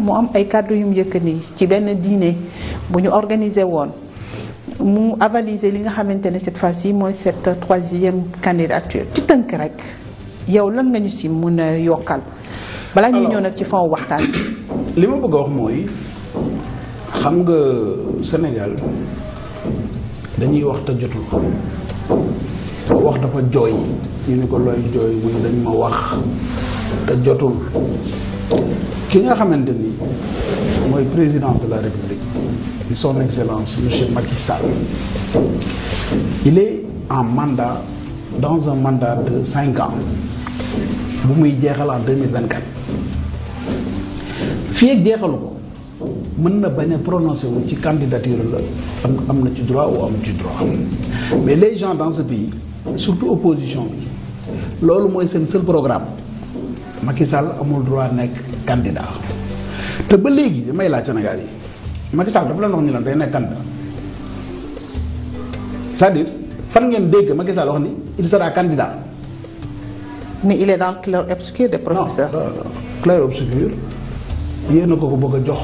mu am ay kàddu yu mu yëkkani ci benn dîner bu ñu organiser woon mu avaliser li nga xamante ne cette fois-ci mooy cette troisième candidature ci tënk rek yow lan nga ñu si mun a yokkal. balaa ñuy ñëw nag ci fond waxtaan li ma bëgg a wax mooy xam nga Sénégal dañuy wax te jotul wax dafa jooy ñu ni ko looy jooy mu ne dañ ma wax te jotul ki nga xamante ni mooy président de la république di son excellence monsieur Macky Sall il est en mandat dans un mandat de cinq ans bu muy jeexal en deux mille vingt jeexalu ko mën na bañ a prononcé wu ci candidature la am am na ci droit ou am ci droit mais les gens dans ce pays surtout opposition bi loolu mooy seen seul programme. Macky Sall amul droit nekk candidat te ba léegi damay laaj Sénégal yi Macky Sall dafa wax ni lan day nekk candidat cest à fan ngeen dégg Macky Sall wax ni il sera candidat. mais il est dans le clair obscur des professeurs. non non clair a ko ko bëgg a jox.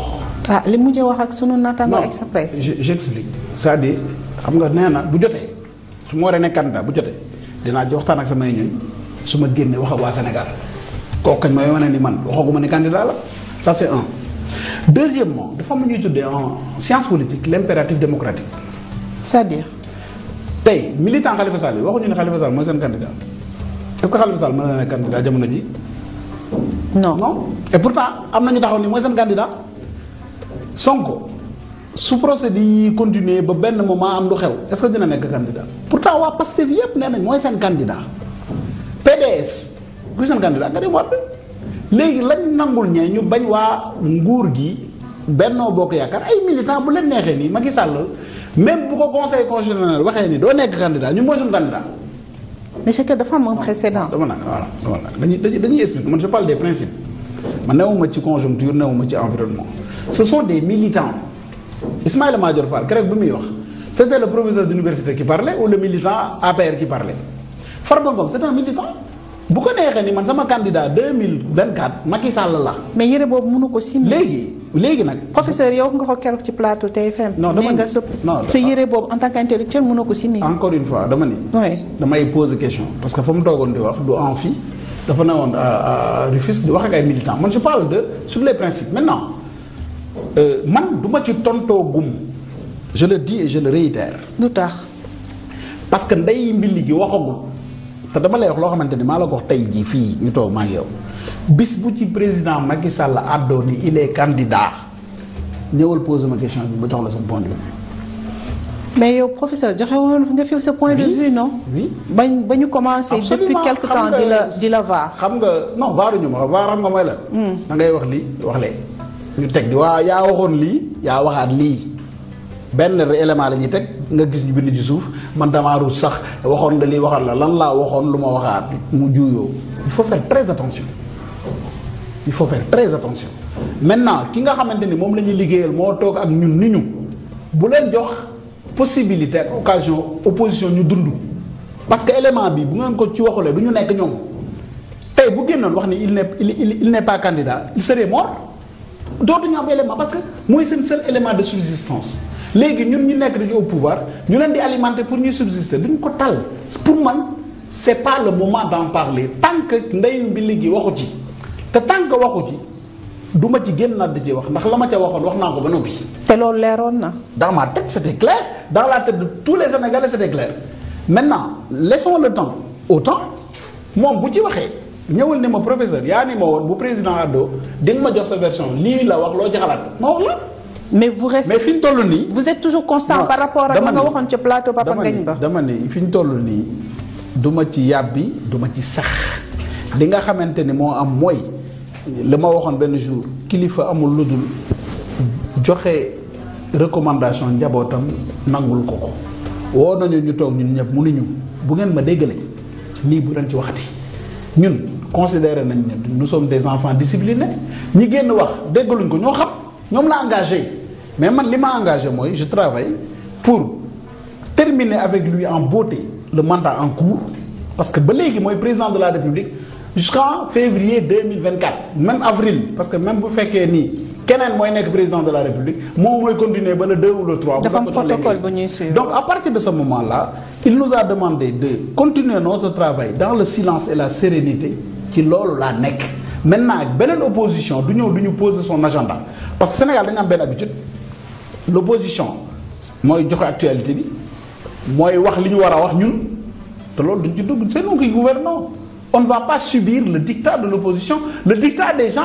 ah li mujjee wax ak sunu naataango express. non j'explique xam nga nee bu jotee su ma a nekk candidat bu jotee dinaa ci waxtaan ak samay ñoñ su ma génnee wax ak waa Sénégal. kooku kañ mooy wane ni man waxaguma ni candidat la ça c'est un. deuxièmement dafa am ñuy tuddee en science politique l'impératif démocratique. c'est-à-dire. tey militant Khalifa Sall yi waxuñu ni Khalifa Sall mooy seen candidat est-ce que Khalifa Sall mën na ne candidat jamono ji. non non et pourtant am na ñu taxaw ni mooy seen candidat Sonko su procédé yi continuer ba benn moment am lu xew est-ce que dina nekk candidat pourtant waa Pastef yépp nee nañ mooy kuy seen candidat nga dem waat léegi lañ nangul ñee ñu bañ waa nguur gi bennoo bokk yaakaar ay militant bu leen neexee nii Macky Sall même bu ko conseil constitutionnel waxee ni doo nekk candidat ñu mooy suñu candidat. mais c'est que dafa am un précédent. dama naan voilà dama naan dañuy dañuy dañuy expliquer man je parle des principes man newuma ci conjoncture newuma ci environnement ce sont des militants Ismaïla Madior Fall keroog bi muy wax c'était le professeur d'université qui parlait ou le militant APR qui parlait Farba Ngom c'est un militant. bu ko neexee ni man sama candidat 2024 Macky Sall la. mais yére boobu mënu ko simb. léegi léegi nag. professeur yow nga ko keroog ci plateau TFM. non dama nga sa sa yére boobu en tant qu'intellectuel mënoo ko simb. encore une fois dama ni. oui damay poser question. parce que fa mu toogoon di wax du en fi dafa ne woon euh, euh, Rufisque di wax ak ay militants man je parle de sur les principes maintenant euh, man du ma ci tontoo gum je le dis et je lu tax. parce que ndey mbili gi waxagul. te dama lay wax loo xamante ni maa la ko wax tey jii fii ñu toog maa ngi yow bis bu ci président Macky Sall àddoo ni il est candidat ñëwal posé ma question bi ma jox la sa point mais yow professeur joxe woon nga fi sa point de vue non. ba ñu commencé. depuis quelque temps di la di xam nga non vaaruñu ma vaar xam nga mooy la. Hmm. da ngay wax lii wax lee ñu teg di waa yaa waxoon lii yaa waxaat lii benn élément la ñuy teg. nga gis ñu bind ci suuf man damaa ruus sax waxoon nga lii waxal la lan laa waxoon lu ma waxaat mu juuyoo il faut faire très attention il faut faire très attention maintenant ki nga xamante ni moom la ñuy liggéeyal moo toog ak ñun ni ñu bu leen jox possibilité ak occasion opposition ñu dund parce que élément bi bu ngeen ko ci waxulee du ñu nekk ñoom tey bu génnoon wax ni il n'est il n'est pas candidat il serait mort dootuñu am élément parce que mooy seen seul élément de subsistance léegi ñun ñu nekk dañu au pouvoir ñu leen di alimenter pour ñuy subsister duñ ko tal pour man c'est pas le moment d'en parler tant que ndeyu bi léegi waxu ci te tant que waxu ci du ma ci génn naa di ci wax ndax la ma ca waxoon wax naa ko ba noppi. te loolu leeroon na. dans ma tête c'était clair dans la tête tous les Sénégalais c'était clair maintenant laissons le temps au temps moom bu ci waxee. ñëwal ne ma professeur yaa ni ma woon bu président Addo di ma jox sa version lii la wax loo ci xalaat ma wax la. mais vous restez mais fi ñu toll nii. vous êtes toujours constant par rapport ak. nga waxoon ci plateau Papa Ngagne dama ni fi ñu toll nii duma ci yàbbi du ma ci sax li nga xamante ni moo am mooy li ma waxoon benn jour kilifa amul lu dul joxe recommandation njabootam nangul ko ko woo nañu ñu toog ñun ñëpp mënuñu bu ngeen ma déggalee nii bu leen ci waxati. ñun considéré nañ ne nous sommes des enfants disciplinés ñi génn wax déggaluñ ko ñoo xam ñoom la engagé mais man li ma engagé mooy je travaille pour terminer avec lui en beauté le mandat en cours parce que ba léegi mooy président de la république jusqu'en février 2024 même avril parce que même bu fekkee nii keneen mooy nekk président de la république moom mooy continuer ba le 2 ou le 3. dafa am protocole bu ñuy suivre donc à partir de ce moment là il nous a demandé de continuer notre travail dans le silence et la sérénité ci loolu laa nekk. maintenant beneen opposition du ñëw du ñu poser son agenda parce que Sénégal dañu am benn habitude l' mooy joxe actualité bi mooy wax li ñu war a wax ñun te loolu duñ ci dugg c'est nous qui gouvernons on va pas subir le dictat de l'opposition le dictat des gens